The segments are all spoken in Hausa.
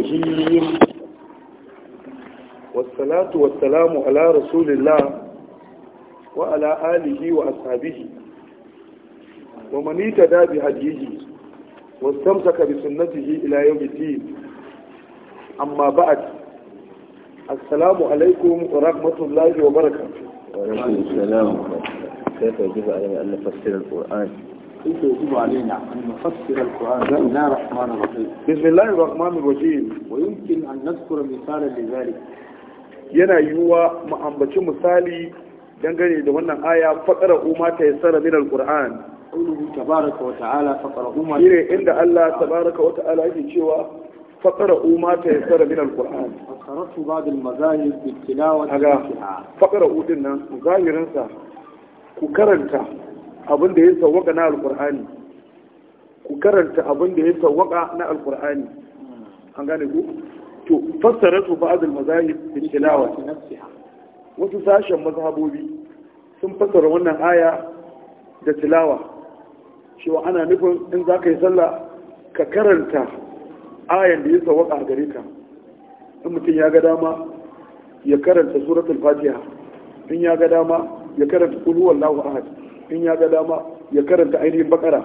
الرجيم والصلاة والسلام على رسول الله وعلى آله وأصحابه ومن اتدى بهديه واستمسك بسنته إلى يوم الدين أما بعد السلام عليكم ورحمة الله وبركاته وعليكم السلام ورحمة الله كيف يجب علينا أن نفسر القرآن كيف يجب علينا أن نفسر بسم الله الرحمن الرحيم بسم الله الرحمن الرحيم ويمكن أن نذكر مثالا لذلك yana yiwuwa mu ambaci misali dangane da wannan aya faqara umma ta yassara min alquran qawluhu shine inda Allah tabaraka wa ta'ala yake cewa faqara umma ta yassara min alquran fasaratu ba'd udin nan ku karanta abin da ya sauwaka na alkur'ani ku karanta abin da ya sauwaka na alkur'ani an gane ku to fassara su ba'd al-mazahib bi tilawa wasu sashen mazhabobi sun fassara wannan aya da tilawa cewa ana nufin in za ka yi sallah ka karanta ayan da ya sauwaka a gare ka in mutum ya ga dama ya karanta suratul fatiha in ya ga dama ya karanta kulhuwallahu huwallahu ahad in ya ga dama ya karanta ainihin bakara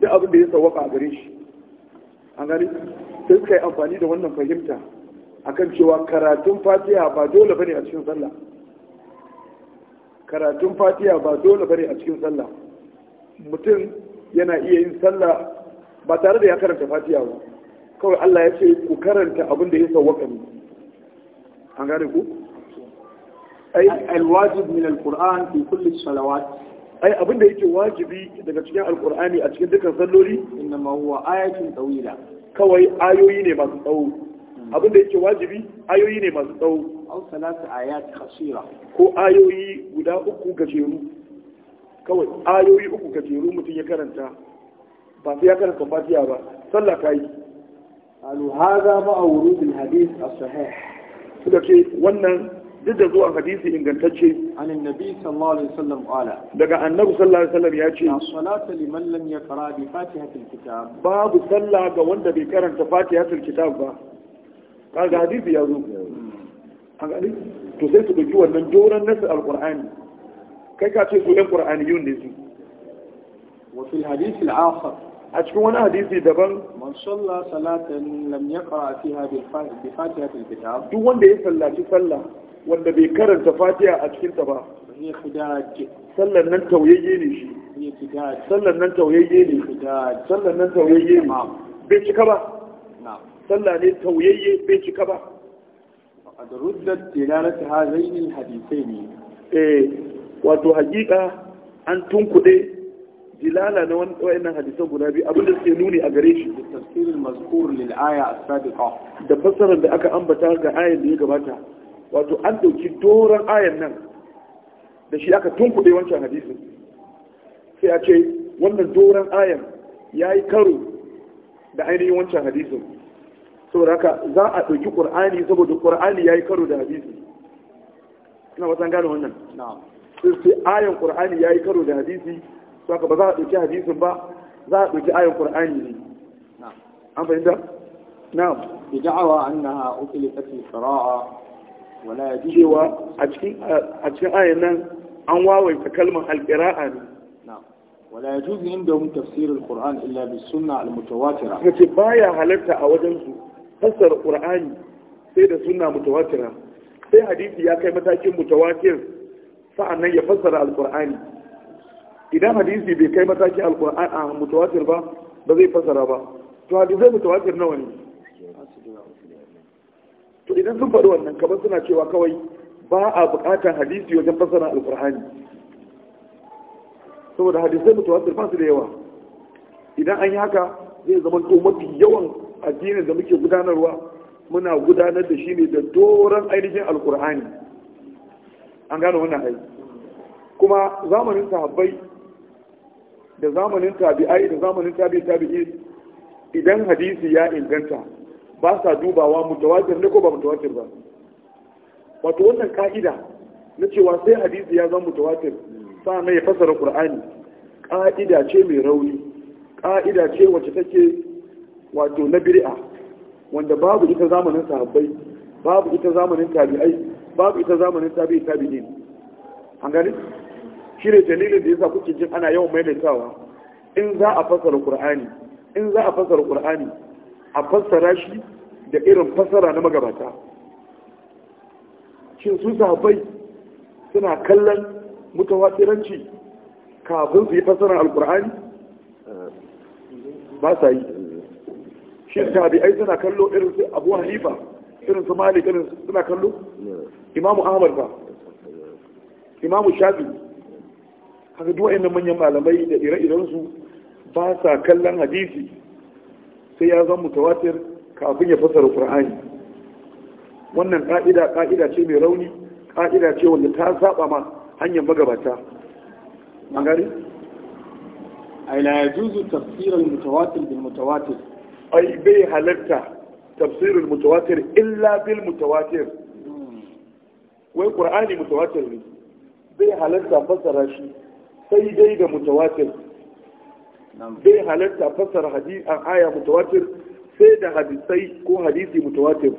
da abin da ya sawaka a gare shi an gani sai suka yi amfani da wannan fahimta akan cewa karatun fatiha ba dole bane a cikin sallah karatun fatiha ba dole bane a cikin sallah mutum yana iya yin sallah ba tare da ya karanta fatiha ba kawai Allah ya ce ku karanta abin da ya sawwaka ne an gane ku ai alwajib min alquran fi kulli salawat ai abin da yake wajibi daga cikin alkur'ani a cikin dukkan salloli inna ma huwa ayatin tawila kawai ayoyi ne masu tsawo abin da yake wajibi ayoyi ne masu tsawo aw salatu ayat qasira ko ayoyi guda uku gajeru kawai ayoyi uku gajeru mutum ya karanta ba sai ya karanta fatiha ba sallah kai alu hadha ma'a wurudil hadith as-sahih suka ce wannan duk da zuwa hadisi ingantacce anin nabi sallallahu alaihi wasallam qala daga annabi sallallahu alaihi wasallam ya ce salatu liman lam yaqra bi fatihatil kitab babu sallah ga wanda bai karanta fatihatil kitab ba kaga hadisi ya zo an gani to sai su dauki wannan joran nasu alqur'ani kai ka ce su ɗan qur'aniyun ne su wa fil hadith al-akhar a cikin wani hadisi daban man salla salatan lam yaqra fiha bi fatihatil kitab duk wanda ya sallaci sallah wanda bai karanta fatiha a cikin ta ba sallan nan tauyayye ne shi sallan nan tauyayye ne sallan nan tauyayye ne bai cika ba sallah ne tauyayye bai cika ba a da ruddar tilalata ha zainin hadisai ne eh wato hakika an tunkuɗe dilala na wayannan hadisan guda biyu abinda suke nuni a gare shi tafsirin mazkur lil aya as-sabiqa da fassarar da aka ambata ga ayar da ya gabata wato an dauki doron ayan nan da shi aka tunkuɗe wancan hadisin sai a ce wannan doron ayan ya yi karo da ainihin wancan hadisin saboda haka za a ɗauki ƙur'ani saboda ƙur'ani ya yi karo da hadisi ina ba san gane wannan sai ayan ƙur'ani ya yi karo da hadisi saka ba za a ɗauki hadisin ba za a ɗauki ayan ƙur'ani ne an fahimta Na bi da'awa annaha uqilat fi Wala ya cewa a cikin ayan nan an wawaita kalmar alƙira'a ne wala ya inda mun tafsirin alquran illa bis sunna almutawatira ba ya halarta a wajensu. su fassara qur'ani sai da suna mutawatira sai hadisi ya kai matakin mutawatir sa'annan ya fassara al alqur'ani idan hadisi bai kai matakin alqur'an a mutawatir ba ba zai fassara ba to hadisai mutawatir nawa ne to idan sun faɗi wannan kamar suna cewa kawai ba a buƙatar hadisi wajen fassara alƙur'ani saboda hadisai mutawatir ba su da yawa idan an yi haka zai zama ko mafi yawan addinin da muke gudanarwa muna gudanar da shi ne da doron ainihin alƙur'ani. an gano wannan ai kuma zamanin sahabbai da zamanin tabi'ai da zamanin tabi tabi'i idan hadisi ya inganta ba sa dubawa mutawatir ne ko ba mutawatir ba wato wannan ka'ida na cewa sai hadisi ya zama mutawatir na ya fasara qur'ani ka'ida ce mai rauni ka'ida ce wacce take wato na bir'a wanda babu ita zamanin sahabbai babu ita zamanin tabi'ai babu ita zamanin tabi'i tabi'in an gani shi ne dalilin da yasa kuke jin ana yawan maimaitawa in za a fasara qur'ani in za a fasara qur'ani a fassara shi da irin fassara na magabata shin su sahabai suna kallon mutawatiranci kafin su yi fassara alkur'ani ba sa yi shin tabi'ai suna kallo irin su abu hanifa irin su malik irin suna kallo imamu ahmad ba imamu shafi haka duwa inda manyan malamai da ire-irensu ba sa kallon hadisi sai ya zama mutawatir kafin ya fasara qur'ani wannan ka'ida ka'ida ce mai rauni ka'ida ce wanda ta saba ma hanyar magabata magari ai la yajuzu tafsir al-mutawatir bil mutawatir ai bai halatta tafsir al-mutawatir illa bil mutawatir wai qur'ani mutawatir ne bai halatta fasara shi sai dai da mutawatir sai halatta fassara hadisi an aya mutawatir sai da hadisai ko hadisi mutawatir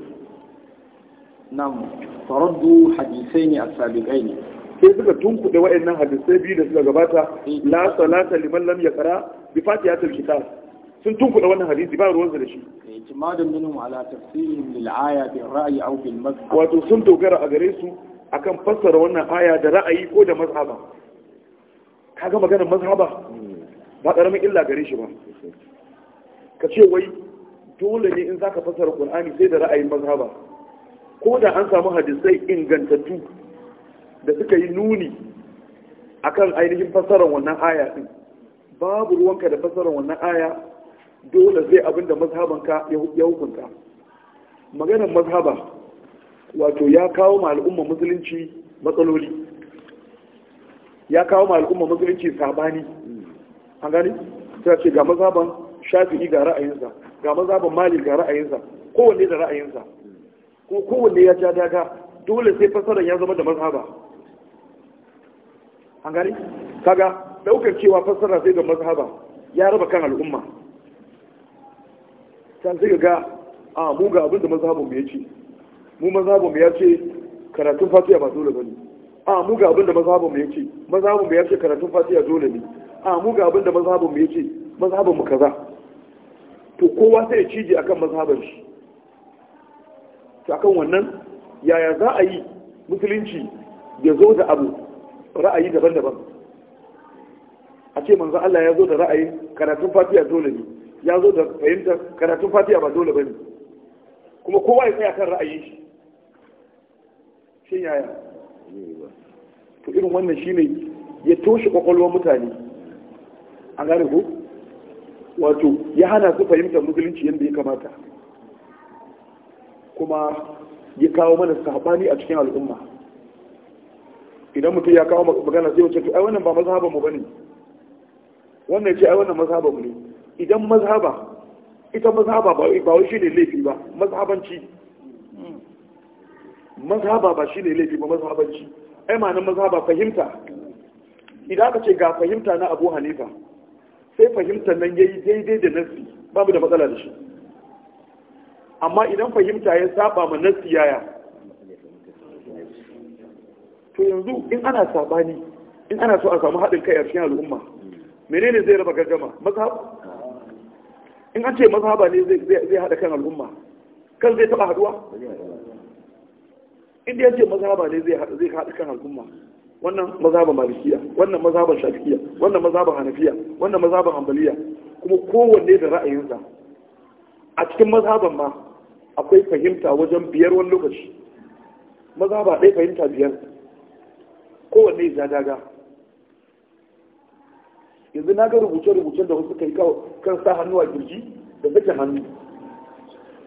nam faraddu hadisai ne a sabiqai ne sai suka tunkuɗe wa'annan hadisai biyu da suka gabata eh. la salata liman lam yaqra bi fatihatil kitab sun tunkuɗe wannan hadisi ba ruwansa da shi ijmadan minhum ala tafsirihim lil aya bi ra'yi aw bil mazhab wato sun dogara a gare su akan fassara wannan aya da ra'ayi ko da mazhaba kaga maganar mazhaba hmm. ba ƙaramin illa gare shi ba ka ce wai dole ne in za ka fasara ƙun'ani sai da ra'ayin mazhaba ko da an samu hadisai ingantattu da suka yi nuni akan ainihin fasarar wannan aya ɗin, babu ruwanka da fasara wannan aya dole zai abin da mazhabanka ya hukunta maganar mazhaba wato ya kawo ma al'umma musulunci matsaloli ya kawo ma al'umma musulunci sabani an gani ta ce ga mazaban shafi'i ga ra'ayinsa ga mazaban malik ga ra'ayinsa kowanne da ra'ayinsa ko kowanne ya ja daga dole sai fasarar ya zama da mazhaba an gani kaga daukar cewa fasara sai ga mazhaba ya raba kan al'umma sai sai ga a mu ga abin da mazhabin mu yace mu mazhabin mu yace karatun fatiha ba dole bane a mu ga abin da mazhabin mu yace mazhabin mu yace karatun fatiha dole ne a mu ga abin da mazhabin mu yake mazhabin mu kaza to kowa sai ya cije akan mazhabin shi to akan wannan yaya za a yi musulunci ya zo da abu ra'ayi daban-daban a ce manzo Allah ya zo da ra'ayi karatun Fatiya dole ne ya zo da fahimtar karatun Fatiya ba dole bane kuma kowa ya tsaya kan ra'ayin shi shin yaya to irin wannan shine ya toshe kwakwalwar mutane an gane ko wato ya hana su fahimtar musulunci yadda ya kamata kuma ya kawo mana saɓani a cikin al'umma idan mutum ya kawo magana sai wace ai wannan ba mazhaban mu bane wannan ce ai wannan mazhaban mu ne idan mazhaba ita mazhaba ba wai shine laifi ba mazhabanci mazhaba ba shine laifi ba mazhabanci ai ma'anar mazhaba fahimta idan aka ce ga fahimta na Abu Hanifa sai fahimtar nan ya yi daidai da nasi babu da matsala da shi amma idan fahimta ya saba ma nasi yaya to yanzu in ana sabani in ana so a samu haɗin kai a cikin al'umma menene zai raba gaggama mazhab in an ce mazhaba ne zai haɗa kan al'umma kan zai taɓa haɗuwa in ya ce mazhaba ne zai haɗa kan al'umma wannan mazhaban malikiya wannan mazhaban shafi'iyya wannan mazhaban hanafiya wannan mazhaban hanbaliya kuma kowanne da ra'ayinsa a cikin mazhaban ma akwai fahimta wajen biyar wani lokaci mazhaba ɗaya fahimta biyar kowanne ya daga yanzu na ga rubuce-rubucen da wasu kai kan sa hannu a kirji da sake hannu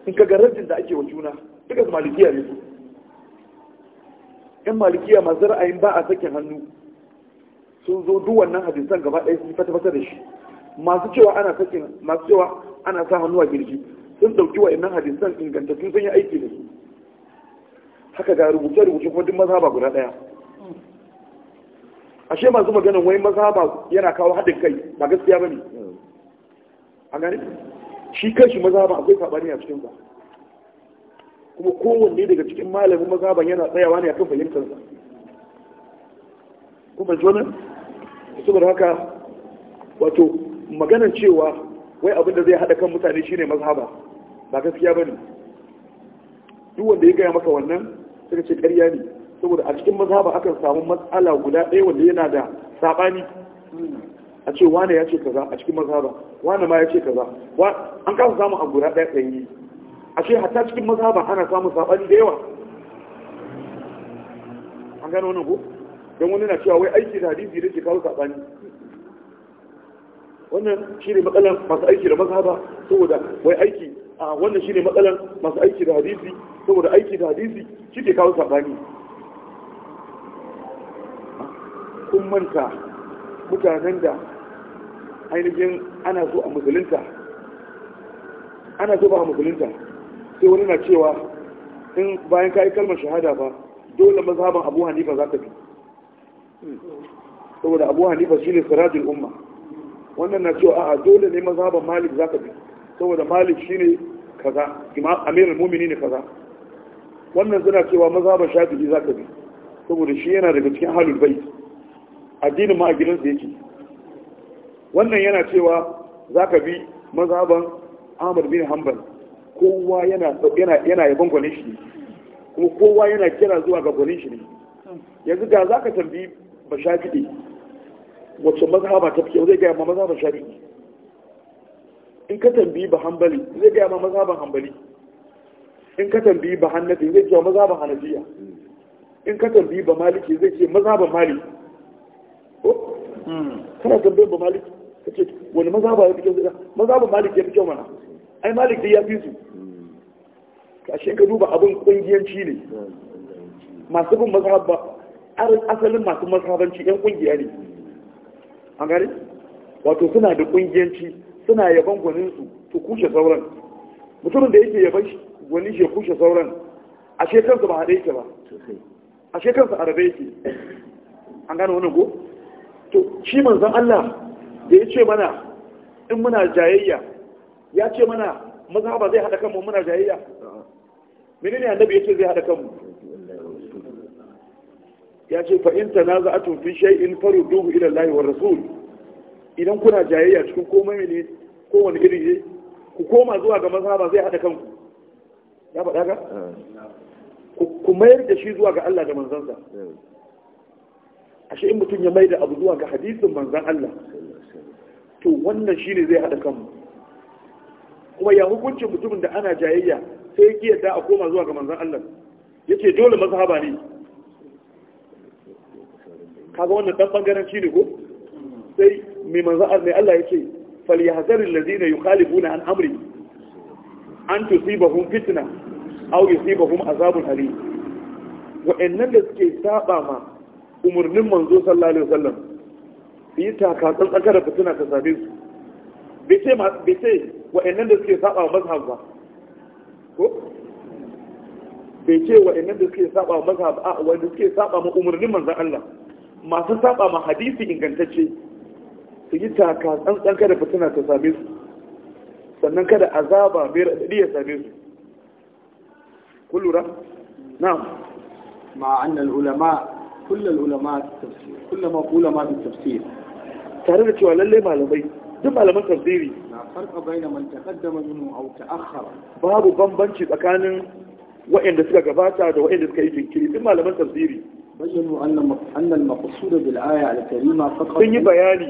in ka ga rajin da ake wa juna duka malikiya ne su yan malikiya masu ra'ayin ba a sakin hannu sun zo duk wannan hadisan gaba ɗaya sun fata fata da shi masu cewa ana sakin masu cewa ana sa hannu a girgi sun dauki wa'annan hadisan ingantattu sun yi aiki da su haka ga rubuce rubuce kuma duk mazhaba guda ɗaya ashe masu maganin maza mazhaba yana kawo haɗin kai ba gaskiya ba ne. a gani shi kai shi mazhaba akwai saɓani a cikin sa kuma kowanne daga cikin malamin mazhaban yana tsayawa ne akan fahimtarsa kuma nan? saboda haka wato magana cewa wai abin da zai hada kan mutane shine mazhaba ba gaskiya bane duk wanda ya gaya maka wannan suka ce ƙarya ne saboda a cikin mazhaba akan samu matsala guda ɗaya wanda yana da saɓani a ce wane ya ce kaza a cikin mazhaba wane ma ya ce kaza an kasa samun a guda ɗaya ɗaya ashe hatta cikin mazhaban ana samun sabani da yawa an gano wannan ko don wani na cewa wai aiki da hadisi da ke kawo sabani wannan shi ne matsalan masu aiki da mazhaba saboda wai aiki a wannan shi ne matsalan masu aiki da hadisi saboda aiki da hadisi shi ke kawo sabani kun manta mutanen da ainihin ana so a musulunta ana so ba a musulunta sai wani na cewa in bayan ka yi kalmar shahada ba dole mazhaban abu hanifa za ka bi saboda abu hanifa shi ne sirajin umma wannan na cewa a'a dole ne mazhaban malik za ka bi saboda malik shi ne kaza amirin mumini ne kaza wannan suna cewa mazhaban shafi'i za ka bi saboda shi yana daga cikin halin bai addinin ma a gidansa yake wannan yana cewa za ka bi mazhaban ahmad bin hanbal kowa yana yaban gwanin shi kuma kowa yana kira zuwa ga gwanin shi ne yanzu ga za ka tambi ba fiɗe wacce mazhaba ta fiye zai gaya ma mazhaban fiɗe in ka tambi ba hanbali zai gaya ma mazhaban hanbali in ka tambi ba hannafi zai ce mazhaban hanafiya in ka tambi ba maliki zai ce mazhaban maliki hmm. kana tambayin ba maliki ka ce wani mazhaba ya fi kyau mazhaban maliki ya fi kyau mana ai maliki ya fi su kashe ka duba abin kungiyanci ne masu bin mazhaba asalin masu mazhabanci yan kungiya ne an gari wato suna da kungiyanci suna yaban gwaninsu su kushe sauran mutumin da yake yaban gwanin shi kushe sauran a shekarsa ba haɗe yake ba a shekarsa a rabe yake an gane wani ko to shi manzan Allah da ya ce mana in muna jayayya ya ce mana mazhaba zai haɗa kanmu muna jayayya menene annabi yace zai hada kanmu ya ce fa in tanaza'atum fi shay'in farudduhu ila Allah wa rasul idan kuna jayayya cikin komai ne wani iri ne ku koma zuwa ga mazhaba zai hada kanku ya faɗa ka ku mayar da shi zuwa ga Allah da manzansa ashe in mutum ya maida da abu zuwa ga hadisin manzan Allah to wannan shi ne zai hada kanmu kuma ya hukuncin mutumin da ana jayayya sai ya yadda a koma zuwa ga manzon Allah yace dole mazhaba ne kaga wannan dan bangaren shi ne ko sai mai manzon Allah mai Allah yace falyahzar allazina yukhalifuna an amri an tusibahum fitna aw yusibahum azabun alim wa'annan da suke saba ma umurnin manzo sallallahu alaihi wasallam su yi taka tsakar da fitina ta same su bai ce wa'annan da suke saba wa mazhab ba ko bai ce wa da suke saba wa mazhab a wanda suke saba ma umarnin manzon Allah masu saba ma hadisi ingantacce su yi taka tsantsan kada fitina ta same su sannan kada azaba mai raɗaɗi ya same su kun lura na'am ma annal ulama kullal ulama tafsir kullama ulama tafsir tare da cewa lalle malamai duk malaman tafsiri farqa bayna man taqaddama minhu aw ta'akhkhara babu bambanci tsakanin wa'anda suka gabata da wa'anda suka yi jinkiri duk malaman tafsiri bayyanu anna anna al-maqsud bil aya al-karima faqat sun yi bayani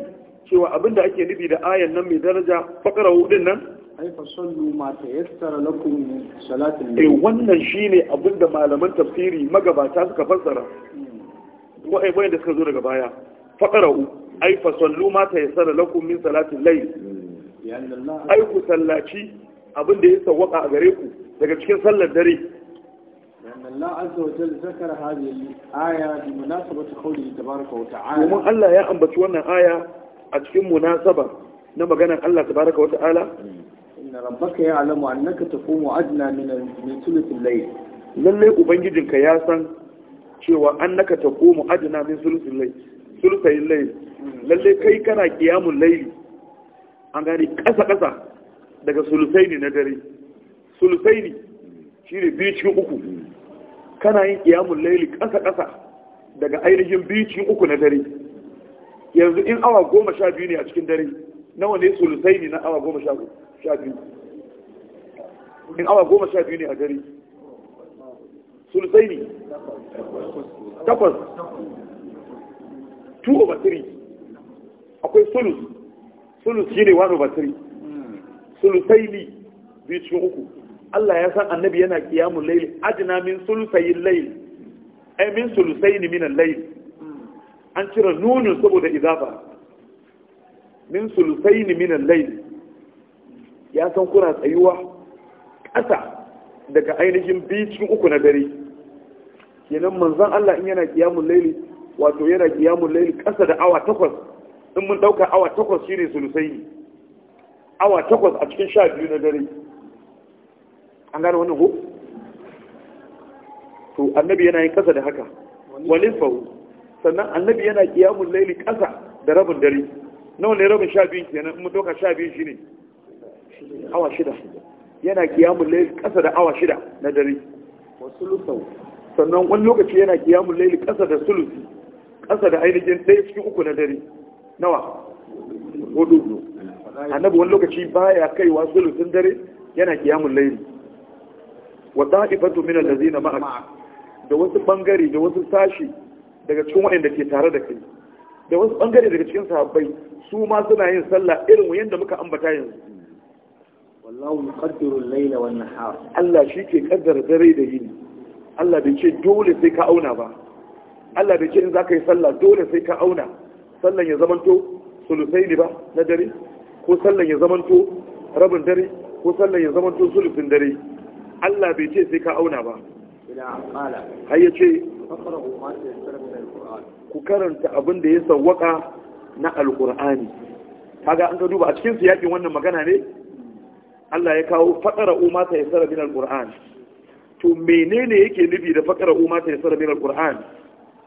cewa abinda ake nufi da ayan nan mai daraja fakara hudin nan ai fa sallu ma tayassara lakum min salatil layl eh wannan shine abinda malaman tafsiri magabata suka fassara wa'ai hmm. wa'anda suka zo daga baya fakara ai fa sallu ma tayassara lakum min salatil layl hmm. ai ku sallaci abin da ya sawaka a gare ku daga cikin sallar dare domin Allah ya ambaci wannan aya a cikin munasaba na maganar Allah tabaraka wata'ala inna rabbaka ya'lamu annaka taqumu adna min layl lalle ubangijinka ya san cewa annaka taqumu adna min thuluthil layl thuluthil layl lalle kai kana qiyamul layli an gane ƙasa-ƙasa daga sulusai ne na dare sulusai ne shi ne biyu cikin uku kana yin ƙiyamun laili ƙasa-ƙasa daga ainihin biyu cikin uku na dare yanzu in awa goma sha biyu ne a cikin dare nawa ne sulusai ne na awa goma sha biyu in awa goma sha biyu ne a dare sulusai ne takwas 2 over 3 akwai sulus sulus shine wani basiri sulusaili biyu cikin uku Allah ya san annabi yana kiyamun laili adina min sulusayin laili ai min sulusaini min laili an cire nunin saboda izafa min sulusaini min laili ya san kuna tsayuwa ƙasa daga ainihin biyu cikin uku na dare kenan manzon Allah in yana kiyamun laili wato yana kiyamun laili ƙasa da awa takwas in mun ɗauka awa takwas shine sulusai awa takwas a cikin sha biyu na dare an gane wannan ko to annabi yana yin kasa da haka walin fahu sannan annabi yana kiyamun laili kasa da rabin dare nawa ne rabin sha biyun kenan in mun ɗauka sha biyun shine awa shida yana kiyamun laili kasa da awa shida na dare sannan wani lokaci yana kiyamun laili kasa da sulusi kasa da ainihin ɗaya cikin uku na dare nawa hudu annabi wani lokaci baya kai wa sulusun dare yana kiyamun laili wa da'ifatu min allazina ma'ak da wasu bangare da wasu sashi daga cikin waɗanda ke tare da kai da wasu bangare daga cikin sahabbai su ma suna yin sallah irin yadda muka ambata yanzu wallahu yuqaddiru al-layla an nahar Allah ke kaddara dare da yini Allah bai ce dole sai ka auna ba Allah bai ce in zaka yi sallah dole sai ka auna sallan ya zamanto sulusai ne ba na dare ko sallan ya zamanto rabin dare ko sallan ya zamanto sulusin dare Allah bai ce sai ka auna ba har ya ce ku karanta abin da ya sawwaka na alkur'ani kaga an ka duba a cikin siyakin wannan magana ne Allah ya kawo fakara umma ta yasara min alqur'an to menene yake nufi da fakara umma ta yasara min alqur'an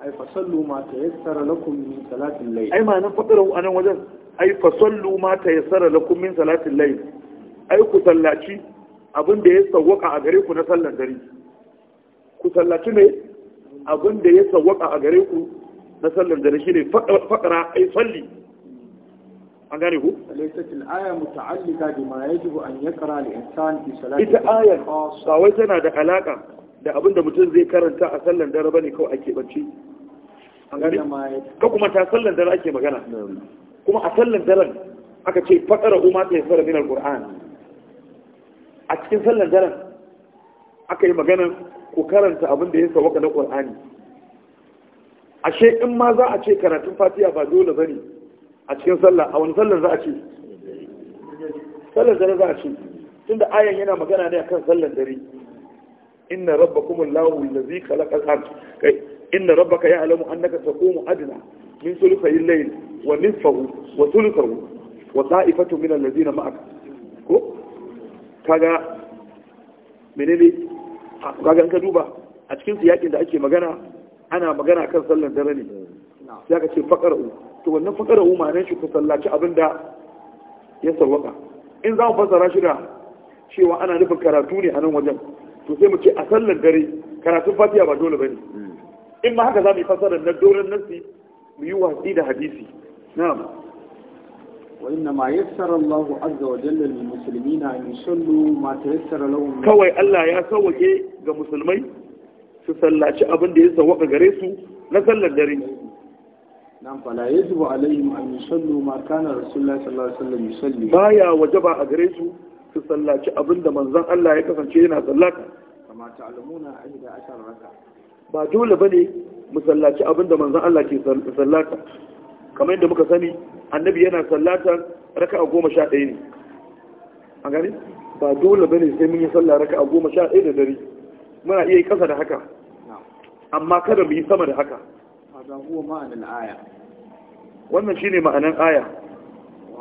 ai fa sallu ma ta yassara lakum min salatin layl ai ma nan a nan wajen ai fa sallu ma ta yassara lakum min salatin layl ai ku sallaci abin da ya sawwaka a gare ku na sallar dare ku sallaci ne abin da ya sawwaka a gare ku na sallar dare shine fadara ai salli an gane ku alaysa til aya muta'allika bima yajibu an yaqra al insan fi salati ita ayar ba wai tana da alaka da abin da mutum zai karanta a sallan dare bane kawai ake bance ka kuma ta sallan dare ake magana kuma a sallan daren aka ce fakara umma ta yasara min alquran a cikin sallan daren aka yi magana ko karanta abin da ya waka na qur'ani ashe in ma za a ce karatun fatiha ba dole bane a cikin sallah a wani sallan za a ce sallan dare za a ce tunda ayan yana magana ne akan sallan dare inna rabbakum allahu allazi khalaqa al-ard kai inna rabbaka ya'lamu annaka taqumu adna min thuluthay al-layl wa nisfahu wa thuluthahu wa ta'ifatu min alladhina ma'aka ko kaga menene kaga ka duba a cikin siyakin da ake magana ana magana kan sallar dare ne sai aka ce faqara'u to wannan faqara'u ma'anar shi ku sallaci abinda ya sarwaka in za mu fassara shi da cewa ana nufin karatu ne a nan wajen to sai mu ce a sallar dare karatun fatiha ba dole bane hmm. in ma haka za mu yi fasara na doron nasi mu yi watsi da hadisi na'am wa inna ma yassara Allah azza wa jalla lil muslimina an yusallu ma tayassara lahum kawai Allah ya sauke ga musulmai su sallaci abin da ya sauka gare su na sallar dare nan fala yajibu alaihim an yusallu ma kana rasulullahi sallallahu alaihi wasallam yusalli baya wajaba a gare su su sallaci abinda manzon Allah ya kasance yana sallaka kama yi da ashar raka ba dole ne mu sallaci abinda manzon Allah ke sallaka kamar yadda muka sani annabi yana raka a goma sha ɗaya ne a gani ba dole ne sai mun yi sallah a goma sha ɗaya da dare muna iya yi kasa da haka amma kada mu yi sama da haka wannan shine ma'anan aya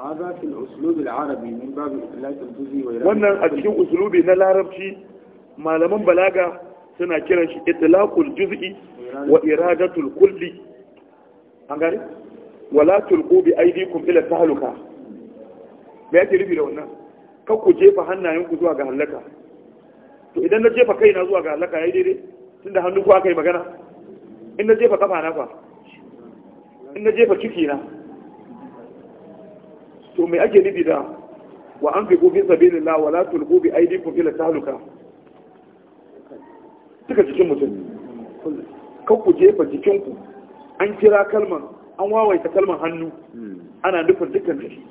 وهذا في الأسلوب العربي من باب إطلاق الجزء وإرادة أسلوبي ما لمن بلاغة سنة إطلاق الجزء وإرادة الكل ولا تلقوا بأيديكم إلى rubi da wannan kan ku jefa zuwa ga halaka to idan na jefa kaina zuwa ga halaka yayi daidai tunda hannu yi magana in jefa ciki na to me ake nufi da wa an fi gobe sabi da la tulqu bi aydikum ta haluka suka jikin mutum kan ku jefa jikinku an kira kalman an wawaita kalman hannu ana nufin dukkan jiki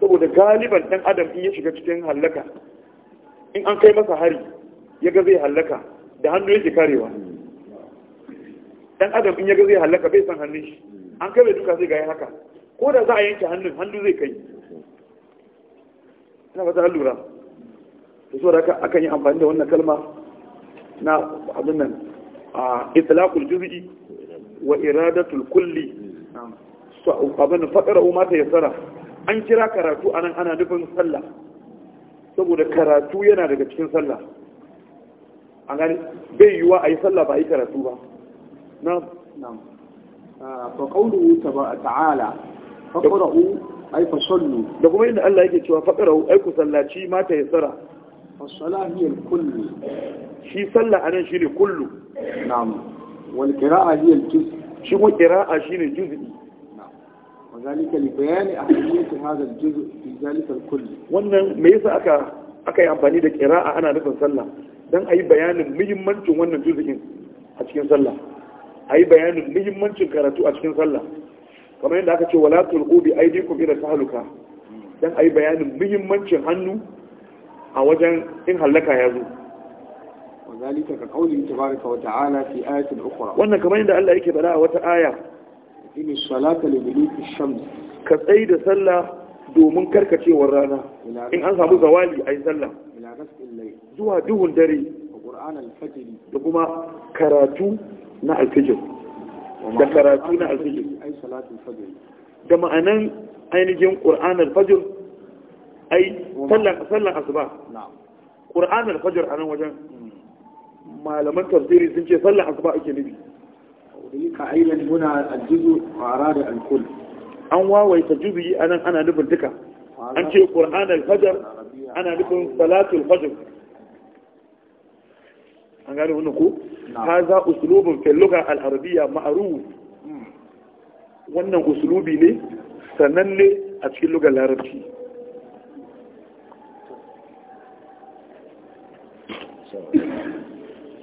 saboda galiban dan adam in ya shiga cikin hallaka in an kai masa hari ya ga zai hallaka da hannu yake karewa dan adam in ya ga zai hallaka bai san hannun shi an kai mai duka zai ga haka ko da za a yanke hannun hannu zai kai ina ta lura da so da akan yi amfani da wannan kalma na abin nan a itlaqul juz'i wa iradatul kulli so abin fadara umma ta yasara an kira karatu a nan ana nufin sallah saboda karatu yana daga cikin sallah an gani bai yiwa a yi sallah ba a yi karatu ba na na ba a ta'ala faƙara'u ai fasallu da kuma inda Allah yake cewa faƙara'u ai ku sallaci mata ya tsara fasala hiyar kullu shi sallah a nan shi ne kullu na'am wal kira'a hiyar juz shi kuma kira'a shi ne juz'i wa zalika li bayani ahmiyati hadha al-juz fi zalika al wannan me yasa aka aka yi amfani da kira'a ana nufin sallah dan ayi bayanin muhimmancin wannan juz'in a cikin sallah ayi bayanin muhimmancin karatu a cikin sallah kamar yadda aka ce wala tulqu bi aydikum ila tahluka dan ayi bayanin muhimmancin hannu a wajen in halaka ya zo wazalika ka kauli tabaraka wa ta'ala fi ayatin ukhra wannan kamar yadda Allah yake bada a wata aya in salata li duluki shams ka tsayi da sallah domin karkacewar rana in an samu zawali ayi sallah zuwa duhun dare da kuma karatu na alfijir da karatu na alfijir da ma'anan ainihin ƙur'an alfajir ai sallan asuba ƙur'an alfajir a nan wajen malaman tafsiri sun ce sallan asuba ake nufi ka ainihin muna aljizu ƙwara da alkul an wawaita jubi a nan ana nufin duka an ce ƙur'an alfajar ana nufin salatul fajar an gane wannan ko haza uslubun fil lugha al arabiyya ma'ruf wannan uslubi ne sananne a cikin lugar larabci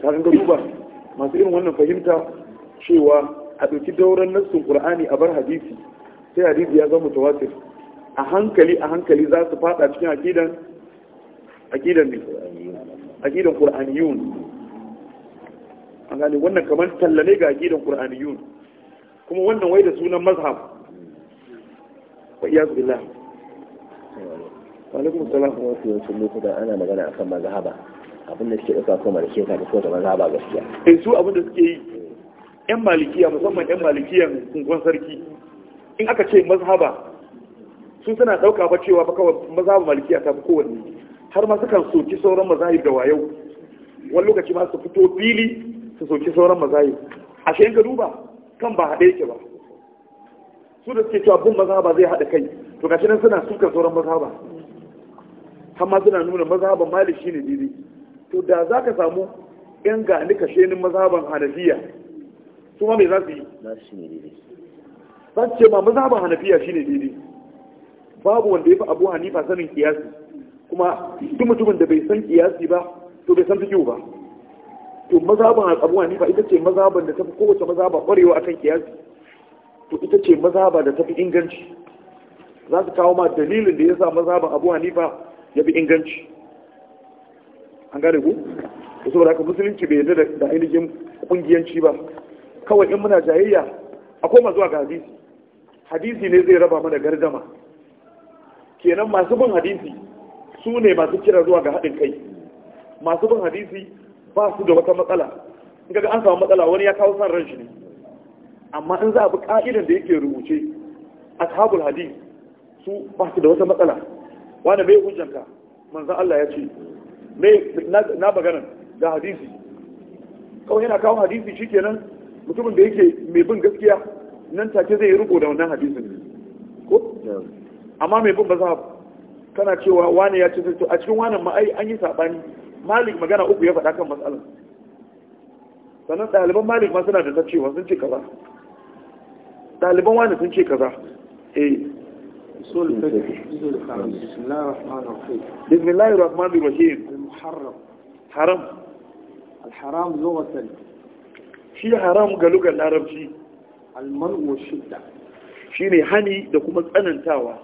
kafin ka duba masu irin wannan fahimta cewa a ɗauki dauran nassun ƙur'ani a bar hadisi sai hadisi ya zama mutawatir a hankali a hankali za su fada cikin akidan akidan ne akidan ƙur'aniyun an gane wannan kamar talla ne ga gidan qur'aniyun kuma wannan wai da sunan mazhab wa iyaz billah wa alaikum assalam wa rahmatullahi da ana magana akan mazhaba abin da suke dauka kuma da ka da ko da mazhaba gaskiya eh su abin da suke yi yan malikiya musamman yan malikiya kungon sarki in aka ce mazhaba su suna dauka ba cewa ba kawai mazhaba malikiya ta fi kowanne har ma sukan soki sauran mazahib da wayau wani lokaci ma su fito fili su soki sauran mazayi A shi ka duba kan ba haɗe yake ba su da suke cewa bin ba zai haɗa kai to ga nan suna suka sauran maza ba. Amma suna nuna mazhaban malik shine dide to da za ka samu yan ga ni kashenin mazhaban hanafiya su ma me za su yi za su ce ma mazhaban hanafiya shine dide babu wanda ya fi abu hanifa sanin kiyasi kuma duk mutumin da bai san kiyasi ba to bai san fikihu ba to mazhaban al'abuwa nifa ita ce mazaban da ta fi kowace mazhaba kwarewa akan kiyasi to ita ce mazaba da fi inganci za su kawo ma dalilin da ya sa mazaban abu nifa ya fi inganci an gane ku da saboda haka musulunci bai yarda da ainihin kungiyanci ba kawai in muna jayayya a koma zuwa ga hadisi hadisi ne zai raba mana gardama kenan masu bin hadisi su ne masu kira zuwa ga haɗin kai masu bin hadisi ba su da wata matsala in kaga an samu matsala wani ya kawo san ran shi ne amma in za a bi ka'idan da yake rubuce ashabul hadith su ba su da wata matsala wani mai hujjanta manzan Allah ya ce na bagana da hadisi kawai yana kawo hadisi shi kenan mutumin da yake mai bin gaskiya nan take zai yi da wannan hadisin ko amma mai bin ba za kana cewa wani ya ce a cikin wani ma'ai an yi saɓani malik magana uku ya faɗa kan matsalar sannan ɗaliban malik ma suna da zacewa sun ce kaza ɗaliban wani sun ce kaza eh bismillahir rahmanir rahim haram haram al-haram lughatan shi haram ga lugar larabci al-man wa shidda shine hani da kuma tsanantawa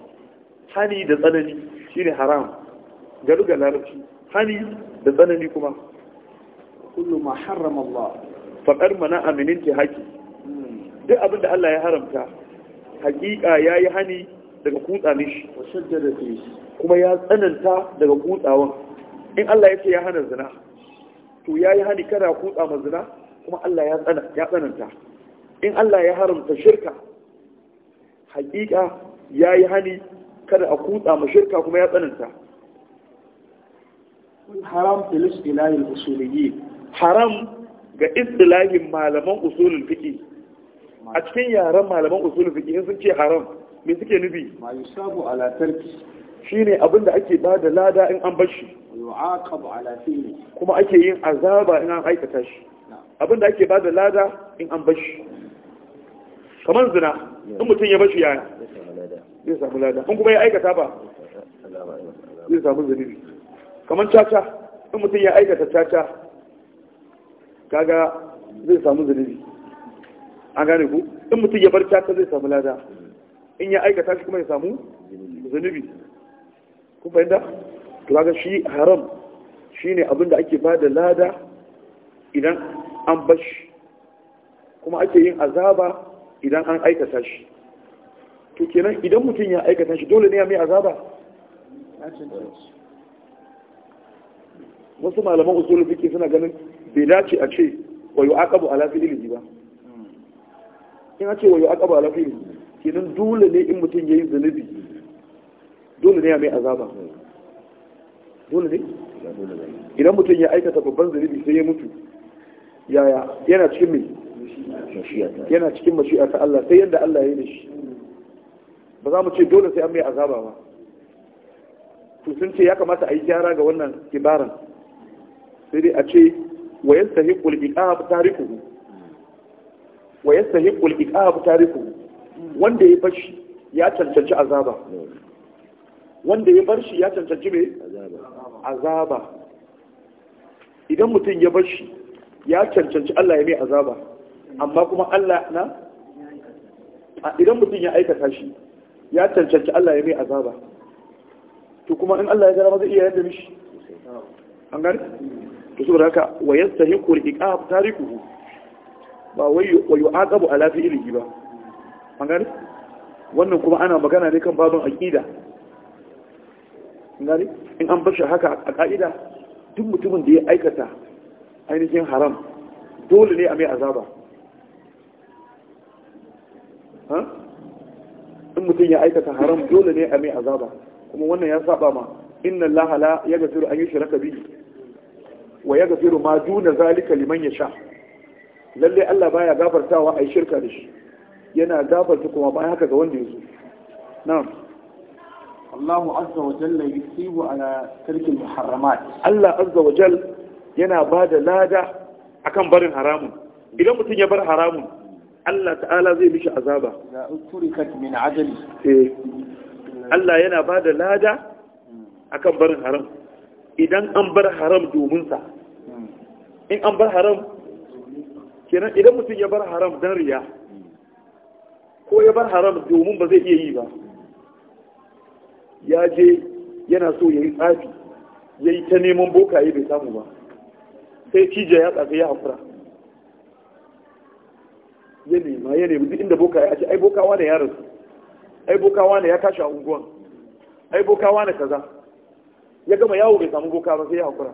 hani da tsanani shine haram ga lugar larabci hani da tsanani kuma Kullum ma harrama Allah faqar mana aminin haƙi. duk abin da Allah ya haramta hakika yi hani daga kutsa mishi kuma ya tsananta daga kutsawan in Allah ya ce ya hana zina to ya yi hani kada kutsa ma zina kuma Allah ya tsananta in Allah ya haramta shirka hakika yi hani kada a kutsa ma shirka kuma ya tsananta haram fil istilahil usuliyyi haram ga istilahin malaman usulul fiqi a cikin yaren malaman usulul fiqi sun ce haram me suke nubi ma yusabu ala tarki shine abin da ake ba da lada in an bar shi yu'aqab ala fihi kuma ake yin azaba in an aikata shi abin da ake ba da lada in an bar shi kamar zina in mutum ya bar shi ya zai samu lada in kuma ya aikata ba zai samu zunubi kamar caca in mutum ya aikata caca kaga zai samu zunubi an gane ku in mutum ya bar caca zai samu lada in ya aikata shi kuma ya samu zunubi Ku fahimta to kaga shi haram shi ne abinda ake ba da lada idan an bashi kuma ake yin azaba idan an aikata shi to kenan idan mutum ya aikata shi dole ne ya mai azaba wasu malaman usulun fiki suna ganin bai dace a ce wa akabu ala fi'lihi ba in a ce wa akabu ala ilimi kenan dole ne in mutum ya yi zunubi dole ne ya mai azaba dole ne idan mutum ya aikata babban zunubi sai ya mutu yaya yana cikin mai yana cikin mashi'a ta Allah sai yadda Allah ya yi da shi ba za mu ce dole sai an mai azaba ba to sun ce ya kamata a yi gyara ga wannan ibaran sai dai a ce wa hikul iqab tarikuhu wa hikul iqab tarikuhu wanda ya bar shi ya cancanci azaba wanda ya bar shi ya cancanci me azaba idan mutum ya bar shi ya cancanci Allah ya mai azaba amma kuma Allah na idan mutum ya aikata shi ya cancanci Allah ya mai azaba to kuma in Allah ya gara zai iya yadda mishi an gani to saboda haka wa yastahiqu al-iqab tarikuhu ba wai wa yu'aqabu ala fi'lihi ba an gani wannan kuma ana magana ne kan babin aqida an gani in an bar shi haka a ka'ida duk mutumin da ya aikata ainihin haram dole ne a mai azaba in mutum ya aikata haram dole ne a mai azaba kuma wannan ya saba ma inna allaha la yaghfiru an yushraka bihi wa yaghfiru ma duna zalika liman yasha lalle Allah baya gafartawa ai shirka da shi yana gafarta kuma bayan haka ga wanda yazo na'am Allah azza wa jalla yusibu ala tarkil muharramat Allah azza wa jalla yana bada lada akan barin haramun idan mutum ya bar haramun Allah ta'ala zai mishi azaba la uturika min adali eh Allah yana bada lada akan barin haram idan an bar haram domin sa in an bar haram kenan idan mutum ya bar haram don riya ko ya bar haram domin ba zai iya yi ba ya je yana so ya yi tsafi ya yi ta neman bokaye bai samu ba sai cija ya tsafi ya hafura ya nema ya nemi duk inda bokaye a ce ai bokawa ne ya rasu ai bokawa ne ya kashi a unguwan ai bokawa ne kaza ya gama yawo bai samu goka ba sai ya hakura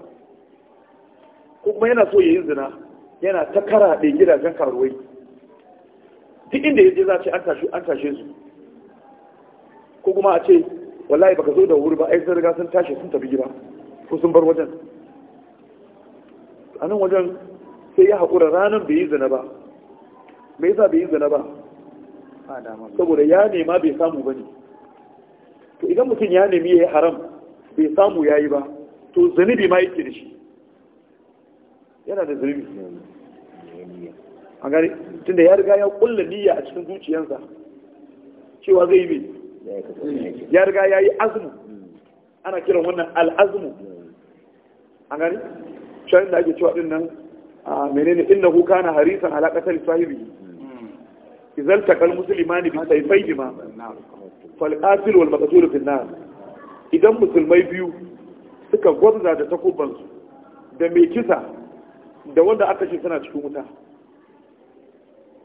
ko kuma yana so ya yi zina yana ta kara da gidajen karuwai duk inda ya je za ce an tashe su ko kuma a ce wallahi baka zo da wuri ba ai sun riga sun tashi sun tafi gida ko sun bar wajen a nan wajen sai ya haƙura ranar bai yi zina ba me yasa bai yi zina ba saboda ya nema bai samu ba ne to idan mutum ya nemi ya yi haram bai samu ya yi ba to zanibi ma yake da shi yana da zanibi. a gari tunda ya riga ya kulla niyya a cikin zuciyarsa cewa zai yi ya riga ya yi azumu ana kiran wannan al'azumu a gari shayin da ake cewa din nan a menene inna kuka na harisan alaƙatar sahibi izalta kal musulmani bi saifai jima falƙatil wal makasuru nar idan musulmai biyu suka gwabza da takubansu da mai kisa da wanda aka ce suna cikin wuta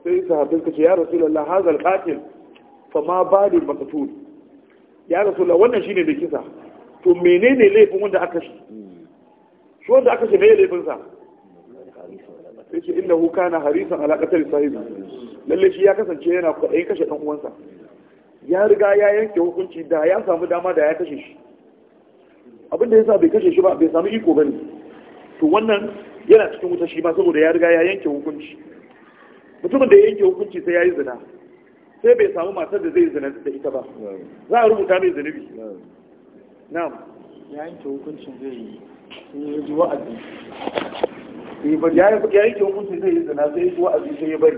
sai sahabbai suka ce ya rasu lalla hazar katil fa ma da maqtul ya rasu lalla wannan shine mai kisa to menene laifin wanda aka shi shi wanda aka shi mai laifin sa sai ce innahu hukana harisan ala sahibi lalle shi ya kasance yana kwaɗayin kashe ɗan uwansa ya riga ya yanke hukunci da ya samu dama da ya kashe shi abinda ya sa bai kashe shi ba bai samu iko ba ne to wannan yana cikin wuta shi ma saboda ya riga ya yanke hukunci mutumin da ya yanke hukunci sai ya yi zina sai bai samu matar da zai yi zina da ita ba za a rubuta mai zunubi na'am ya yanke hukuncin zai yi sai ji wa'azi ya yanke hukunci zai yi zina sai ya ji wa'azi sai ya bari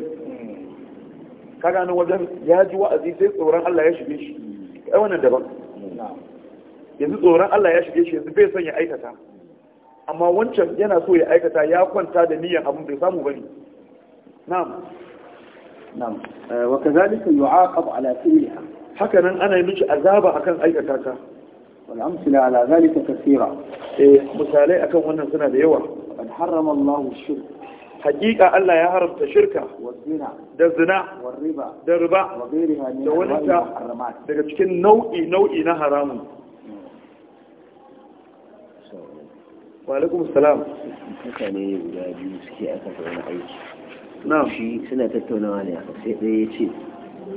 kaga nan wajen ya ji wa'azi sai tsoron Allah ya shige shi ai wannan daban yanzu tsoron Allah ya shige shi yanzu bai son ya aikata amma wancan yana so ya aikata ya kwanta da niyyar abin bai samu bane na'am na'am eh, wa kadhalika yu'aqab ala fi'liha haka nan ana yi miki azaba akan aikata ta wal amsila ala zalika kaseera eh misalai akan wannan suna da yawa qad harrama Allahu hakika Allah ya haramta shirka da zina da riba da wani ta daga cikin nau'i nau'i na haramun walaikum salam mutane guda biyu suke aka wani aiki na shi suna tattaunawa ne sai ɗaya ya ce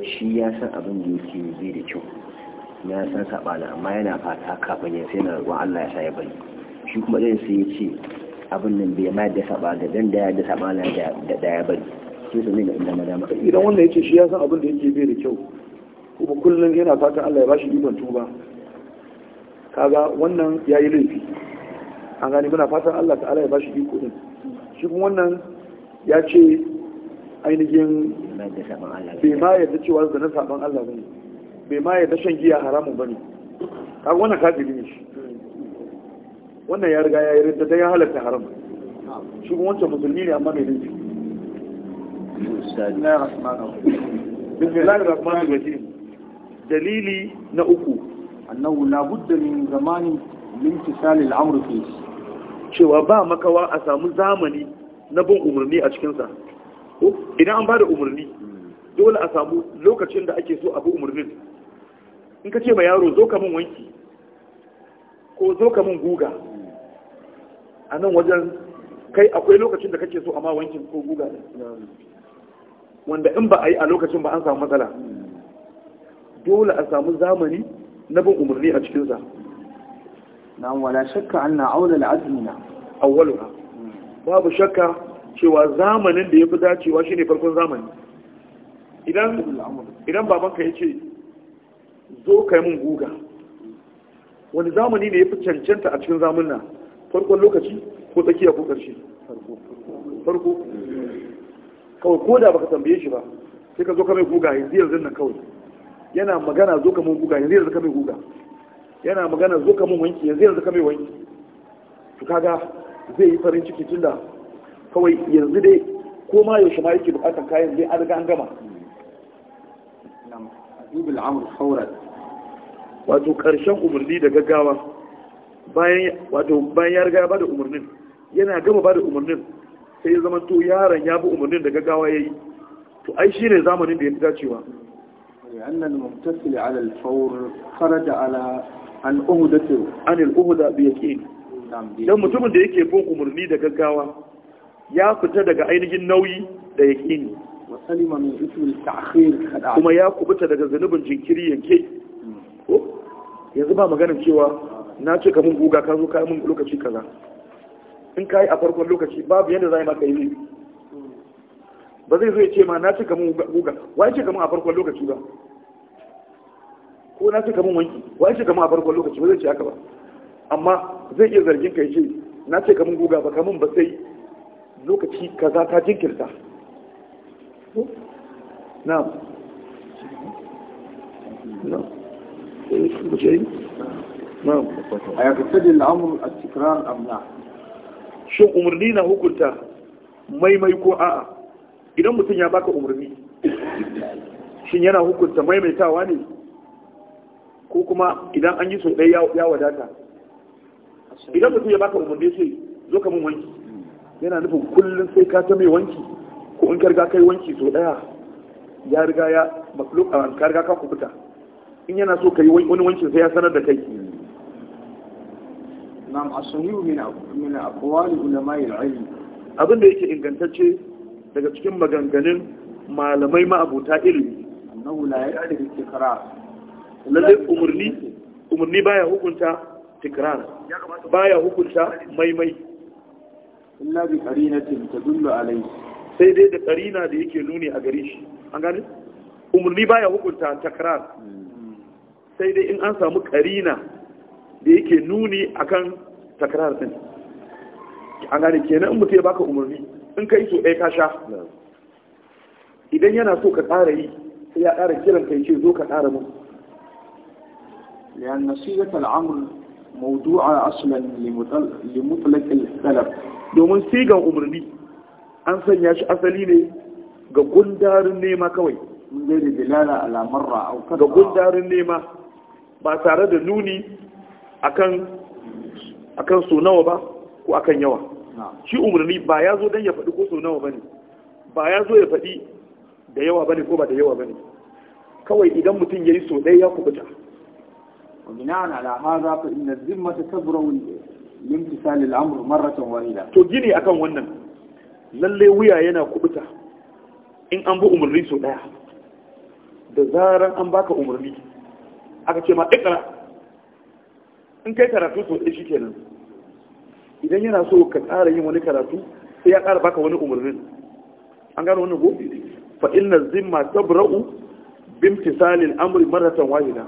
shi ya san abin da yake zai da kyau ya san saɓana amma yana fata kafin ya sai na ruwan Allah ya sa ya bari shi kuma ɗayan sai ya ce abin nan bai ma da saba da dan da ya da saba na da daya ya shi sai su ne da inda maza maka idan wanda yace shi ya san abin da yake bai da kyau kuma kullum yana fatan Allah ya bashi ikon tuba kaga wannan yayi laifi an gani muna fatan Allah ta'ala ya bashi iko din shi kuma wannan ya ce ainihin bai ma yarda cewa na saban Allah bane bai ma da shan giya haramun bane kaga wannan kafiri ne shi wannan ya riga ya yi rinta don ya halatta haram shi kuma wancan musulmi ne amma mai rinta bismillahir rahmanir rahim dalili na uku annahu la budda min zamani min tisalil amru fi cewa ba makawa a samu zamani na bin umarni a cikinsa idan an ba da umarni dole a samu lokacin da ake so a bi umarnin in ka ce ma yaro zo ka min wanki ko zo ka min guga a nan wajen kai akwai lokacin da kake so amma wankin ko guga ne wanda in ba a yi a lokacin ba an samu matsala dole a samu zamani na bin umarni a cikinsa nan wala shakka an na aula a awwaluha babu shakka cewa zamanin da ya fi dacewa shine farkon zamani idan babanka ya ce zo kai mun guga wani zamani ne ya fi cancanta a cikin zamunan farkon lokaci ko tsakiya ko ƙarshe farko kawai ko da baka tambaye shi ba sai ka zo ka mai guga yanzu yanzu nan kawai yana magana zo ka mun guga yanzu yanzu ka mai guga yana magana zo ka mun wanki yanzu yanzu ka mai wanki to kaga zai yi farin ciki tunda kawai yanzu dai ko ma yaushe ma yake bukatar kayan dai an riga an gama wato karshen umarni da gaggawa bayan wato ya riga ya ba da umarnin yana gama ba da umarnin sai ya zama to yaron ya bi umarnin da gaggawa yi. to ai shi ne zamanin da ya fi dacewa don mutumin da yake bin umarni da gaggawa ya fita daga ainihin nauyi da ya wa kuma ya kubuta daga zanubin jinkiri yanke hmm. yanzu ba maganin cewa na ce ka mun guga ka zo ka mun lokaci kaza in ka yi a farkon lokaci babu yadda za a yi maka yi ba zai zo ya ce ma na ce ka mun guga wa ce ka mun a farkon lokaci ba ko na ce ka mun wanki wa ce ka mun a farkon lokaci ba zai ce haka ba amma zai iya zargin ka ce na ce ka mun guga ba ka mun ba sai lokaci kaza ta jinkirta na'am na'am eh, a yakasar al'amur a tikirar amna shin umarni na hukunta maimai ko a'a idan mutum ya baka umarni shin yana hukunta maimaitawa ne ko kuma idan an yi sau ɗaya ya wadata idan mutum ya baka umarni sai zo ka mun wanki yana nufin kullum sai ka ta mai wanki ko in karga kai wanki sau ɗaya ya riga ya makluk a ah, karga ka kubuta in yana so ka yi wani wankin sai ya sanar da kai nam as-sahih min min aqwal ulama al-ilm abin da yake ingantacce daga cikin maganganun malamai ma'abuta ilimi annahu la ya'rif tikrar lalle umarni umarni baya hukunta tikrar baya hukunta maimai illa bi qarinatin tadullu alayhi sai dai da qarina da yake nuni a gare shi an gane umarni baya hukunta takrar hmm. sai dai in an samu qarina da yake nuni akan takarar din an gane kenan in mutum ya baka umarni in ka yi so ɗaya ka sha idan yana so ka ƙara yi sai ya ƙara kiran ka ce zo ka ƙara mun lian nasihat al'amr mawdu'a aslan li mutlaq al-talab domin sigan umarni an sanya shi asali ne ga gundarin nema kawai mun dai da dalala ala marra ga gundarin nema ba tare da nuni akan so nawa ba ko akan yawa shi umarni ba ya zo don ya faɗi ko so nawa ba ne ba ya zo ya faɗi da yawa ba ne ko ba da yawa ba ne kawai idan mutum ya yi so ɗaya ya kubuta to gini akan wannan lalle wuya yana kubuta in an bi umarni so ɗaya. da zaran an baka umarni aka ce ma ɗaya in kai karatu to ɗaya eh, shikenan idan yana so ka tsara yin wani karatu sai ya ƙara baka wani umarnin an gano wannan ko fa inna zimma tabra'u bimtisalil amri maratan wahida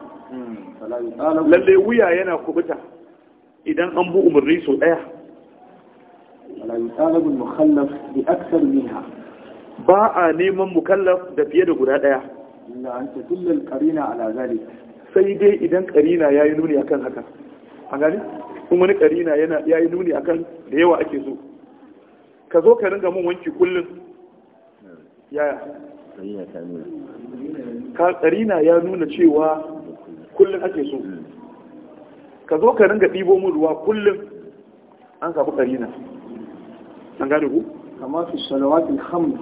lalle wuya yana kubuta idan an bu umarni so daya ba a neman mukallaf da fiye da guda daya Na an tadulla al-qarina ala sai dai idan ya yi nuni akan haka an gani kuma wani karina yana ya yi nuni akan da yawa ake so ka zo ka ringa mun wanki kullum yaya ka karina ya nuna cewa kullum ake so ka zo ka ringa ɗibo mun ruwa kullum an samu karina an gani ku kamar fi salawatin hamd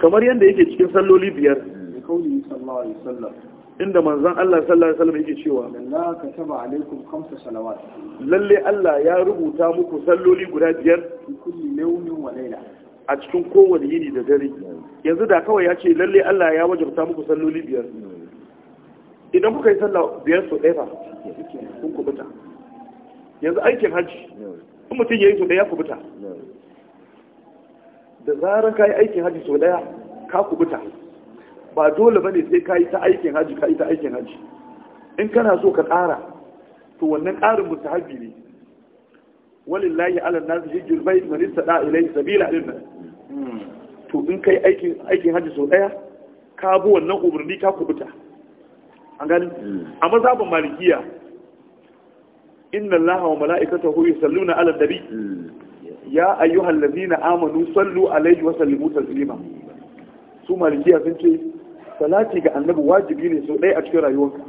kamar yadda yake cikin salloli biyar da kauli sallallahu alaihi wasallam inda manzon Allah sallallahu alaihi wasallam yake cewa Allah kataba alaikum khamsa salawat lalle Allah ya rubuta muku salloli guda biyar a cikin kowane yini da dare yanzu da kawai ya ce lalle Allah ya wajabta muku salloli biyar idan kuka yi sallah biyar so ɗaya ba kun kubuta yanzu aikin hajji in mutum ya yi so ɗaya kubuta da zarar ka yi aikin hajji so ɗaya ka kubuta ba dole bane sai ka yi ta aikin haji ka yi ta aikin haji in kana so ka ƙara to wannan ƙarin mustahabi ne walillahi ala nasu hijjul bait man istada ilayhi sabila din to in kai aikin aikin haji sau daya ka bi wannan umarni ka kubuta an gani a mazhabin malikiya inna allaha wa mala'ikatahu yusalluna ala nabi ya ayyuhal ladina amanu sallu alaihi wa sallimu taslima su malikiya sun ce salati ga annabi wajibi ne so ɗaya a cikin rayuwarka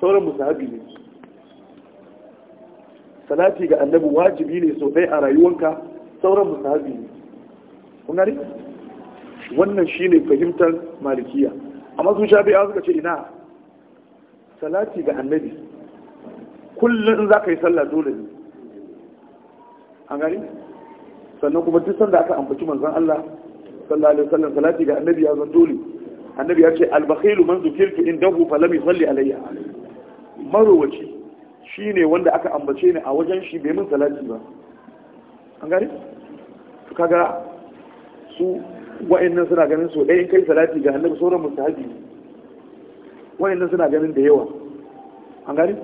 sauran musahabi ne salati ga annabi wajibi ne so ɗaya a rayuwarka sauran musahabi ne kun ne wannan shine fahimtar malikiya amma sun sha biya suka ce ina salati ga annabi kullum in za ka yi sallah dole ne an gani sannan kuma duk sanda aka ambaci manzon Allah sallallahu alaihi wasallam salati ga annabi ya zan dole annabi ya ce albakhilu man zukirtu indahu falam yusalli alayya marwaci shine wanda aka ambace ni a wajen shi bai min salati ba an gare su kaga su wa'annan suna ganin so ɗaya in kai salati ga annabi sauran mustahabi wa'annan suna ganin da yawa an gare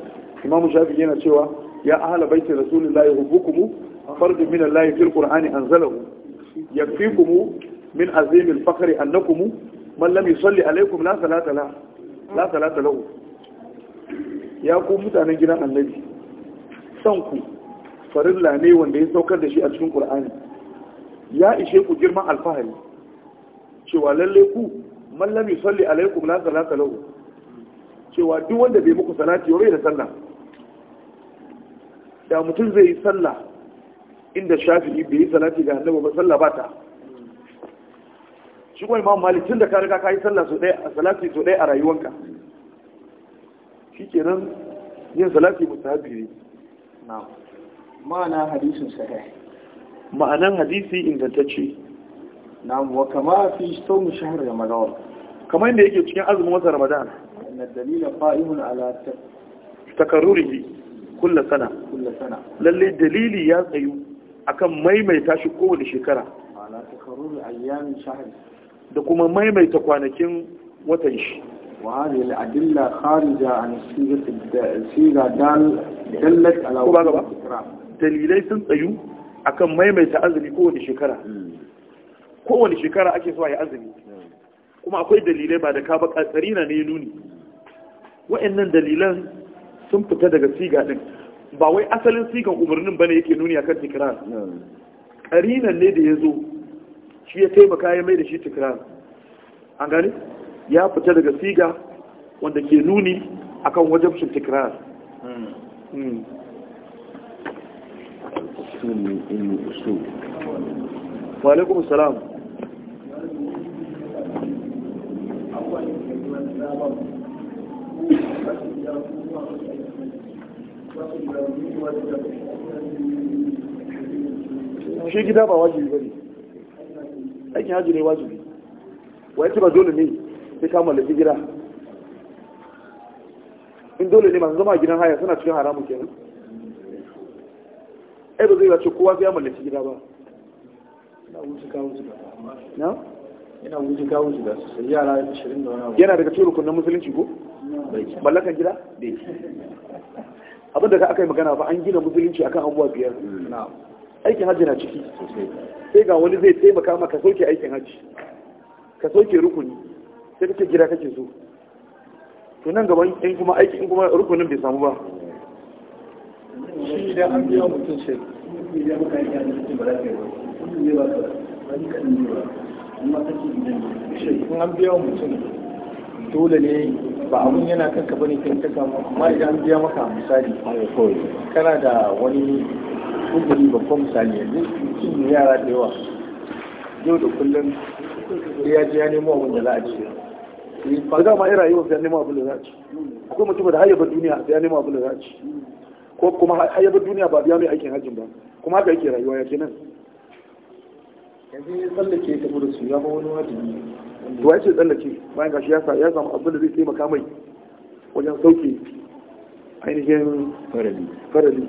imamu shafi yana cewa ya ahla baiti rasulullahi hubbukum fardun min allahi fil qur'ani anzalahu yakfikum min azimil fakari annakum man lam yusalli alaikum la salata la la salata lahu ya ku mutanen gidan annabi san ku farilla ne wanda ya saukar da shi a cikin qur'ani ya ishe ku girman alfahari cewa lalle ku man lam yusalli alaikum la salata lahu cewa duk wanda bai muku salati bai da sallah da mutum zai yi sallah inda shafi'i bai yi salati ga annabi ba sallah ba ta shi kuma imam malik tun da ka riga ka yi sallah so ɗaya salati so ɗaya a rayuwanka shi nan yin salati mustahabi ne ma'ana hadisin sahih ma'anan hadisi ingantacce na'am wa kama fi sawm shahar ramadan kamar yadda yake cikin azumin watan ramadan na dalila qa'imun ala Ta kullu sana kullu sana lalle dalili ya tsayu akan maimaita shi kowace shekara ala takarrur ayyamin shahar. da kuma maimaita kwanakin watan shi وهذه الأدلة خارجة عن صيغة صيغة دال دلت على Dalilai sun tsayu akan maimaita azumi kowane shekara hmm. kowane shekara ake so a yi azumi hmm. kuma akwai dalilai ba da baka Tsarina ne nuni wa'annan dalilan sun fita daga siga din ba wai asalin sigan umarnin bane yake nuni akan tikrar karinan hmm. ne da ya zo shi ya taimaka ya mai da shi tikrar an gani ya fita daga siga wanda ke nuni akan wajabcin tikrar hmm. hmm. walaikum salam shi gida ba wajibi ba aikin hajji ne wajibi wa ya ce ba dole ne sai kama lafi gida in dole ne masu zama gidan haya suna cikin haramun kenan ai ba zai ba ce kowa sai ya gida ba yana wuce kawo shiga sosai yara 20 da yana daga cikin musulunci ko mallakan gida abinda ka aka yi magana ba an gina musulunci akan abubuwa biyar aikin hajji na ciki sai ga wani zai taimaka maka soke aikin hajji ka soke rukuni sai kake gida kake so to nan gaban in kuma aiki in kuma rukunin bai samu ba shi idan an biya mutum shi ya maka aiki a cikin ba za ba ne ba ka kaɗan ne ba amma ka ce gidan shi in an biya mutum dole ne ba abun yana kanka bane kan ka samu amma idan an biya maka misali kana da wani kun bari babban misali yanzu cin yara da yawa yau da kullum sai ya ji ya nemo abin da za a ci eh, ba za ma ira yau sai ya nemo abin da za a ci akwai mutum da hayyabar duniya sai ya nemo abin da za a ci ko kuma hayyabar duniya ba biya mai aikin hajjin ba kuma haka yake rayuwa ya kenan yanzu tsallake ta gudu su ya ba wani wajibi to ya ce tsallake bayan gashi ya samu abin da zai taimaka mai wajen sauke ainihin farali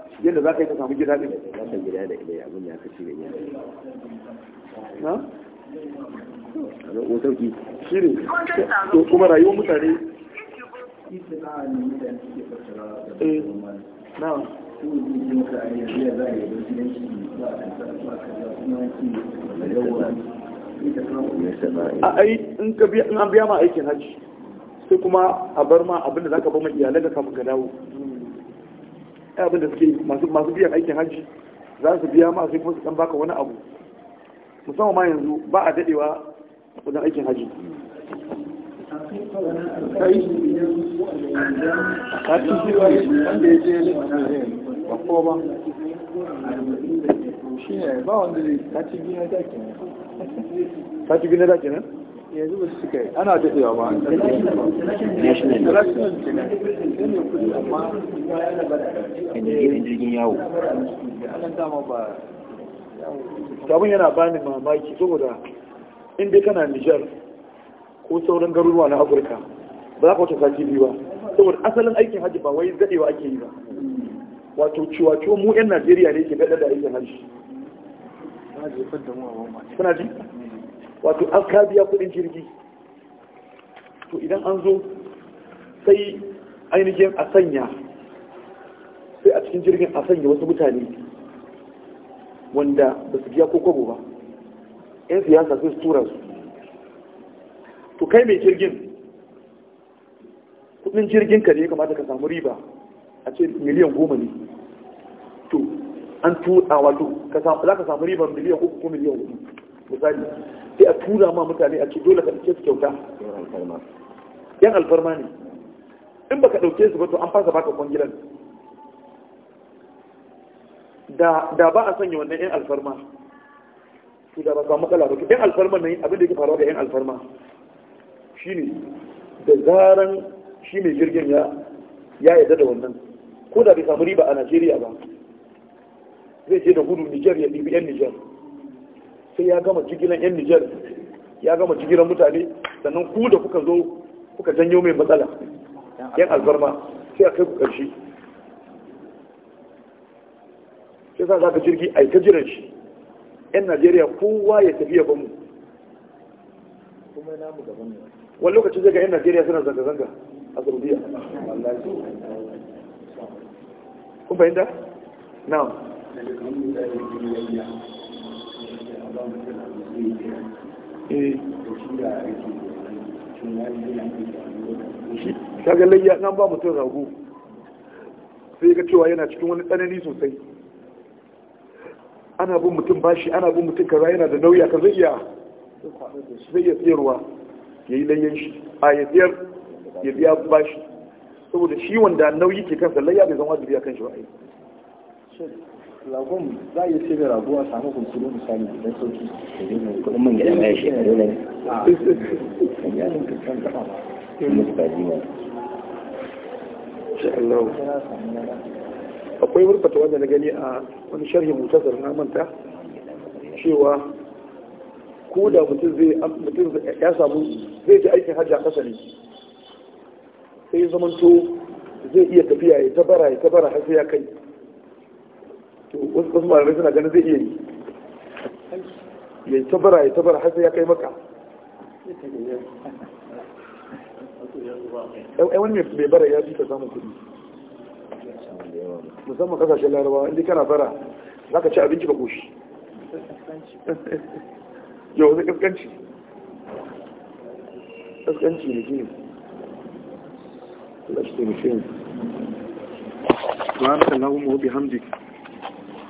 yadda za ka yi ta samu gida ɗin za gida da ilayya abin ya kashi da iyali na? a sauki shi ne to kuma rayuwar mutane eh. na a ai in ka biya ma aikin hajji sai kuma a bar ma abinda za ka ba mai iyalai ka kafin ka dawo ai abin da suke masu biyan aikin hajji za su biya ma sai kuma su dan baka wani abu musamman ma yanzu ba a dadewa wajen aikin hajji kati biyu da kenan? yanzu ba su kai ana daɗewa ba a yana bani mamaki saboda inda kana nijar ko sauran garuruwa na afirka ba za ka wata sati biyu ba saboda asalin aikin hajji ba wai daɗewa ake yi ba wato ciwaciwa mu 'yan najeriya ne ke daɗa da aikin hajji suna ji wato an ka biya kudin jirgi to idan an zo sai ainihin a sanya sai a cikin jirgin a sanya wasu mutane wanda ba su biya ko ba 'yan siyasa sai su tura su to kai mai jirgin kudin jirgin ka ne kamata ka samu riba a ce miliyan goma ne to an tura wato za ka samu riba miliyan ko miliyan hudu misali sai a tura ma mutane a ce dole ka ɗauke su kyauta yan alfarma ne in baka ɗauke su ba to an fasa baka kwangilan da ba a sanya wannan yan alfarma to da ba samu matsala ba yan alfarma ne abin da yake faruwa da yan alfarma shine da zaran shi mai jirgin ya ya yadda da wannan ko da bai samu riba a Najeriya ba zai je da gudu Nijar ya ɗibi yan Nijar sai ya gama jigilan yan Nijar ya gama jigilan mutane sannan ku da kuka zo kuka janyo mai matsala yan albarma sai a kai ku ƙarshe sai sa za ka jirgi a ta jiran shi yan Najeriya kowa ya tafi ya bamu wani lokaci zai ga yan Najeriya suna zanga-zanga a Saudiya kun fahimta? na'am kaga layya nan ba mutum rago sai ga cewa yana cikin wani tsanani sosai ana bin mutum bashi ana bin mutum kaza yana da nauya, ka zai iya zai iya tsayarwa ya yi layyan shi a ya tsayar ya biya bashi saboda shi wanda nauyi ke kansa layya bai zama wajibi kan shi ba ragon za a iya ce da rago a samu kunkuru misali da sauki kudin man gidan mai shekaru ne a yanin kankan kama akwai wurfata wanda na gani a wani sharhi mutasar na manta cewa ko da mutum zai mutum ya samu zai ji aikin hajji a ƙasa ne sai zamanto zai iya tafiya ya tabara ya tabara har sai ya kai wasu malamai suna ganin zai iya yi ya tabara ya tabara har sai ya kai maka ai wani mai bara ya fi ka samun kuɗi musamman kasashen larabawa inda kana bara za ka ci abinci ka goshi yau zai kaskanci kaskanci ne shi ne Allah shi taimake mu. Subhanaka Allahumma wa bihamdika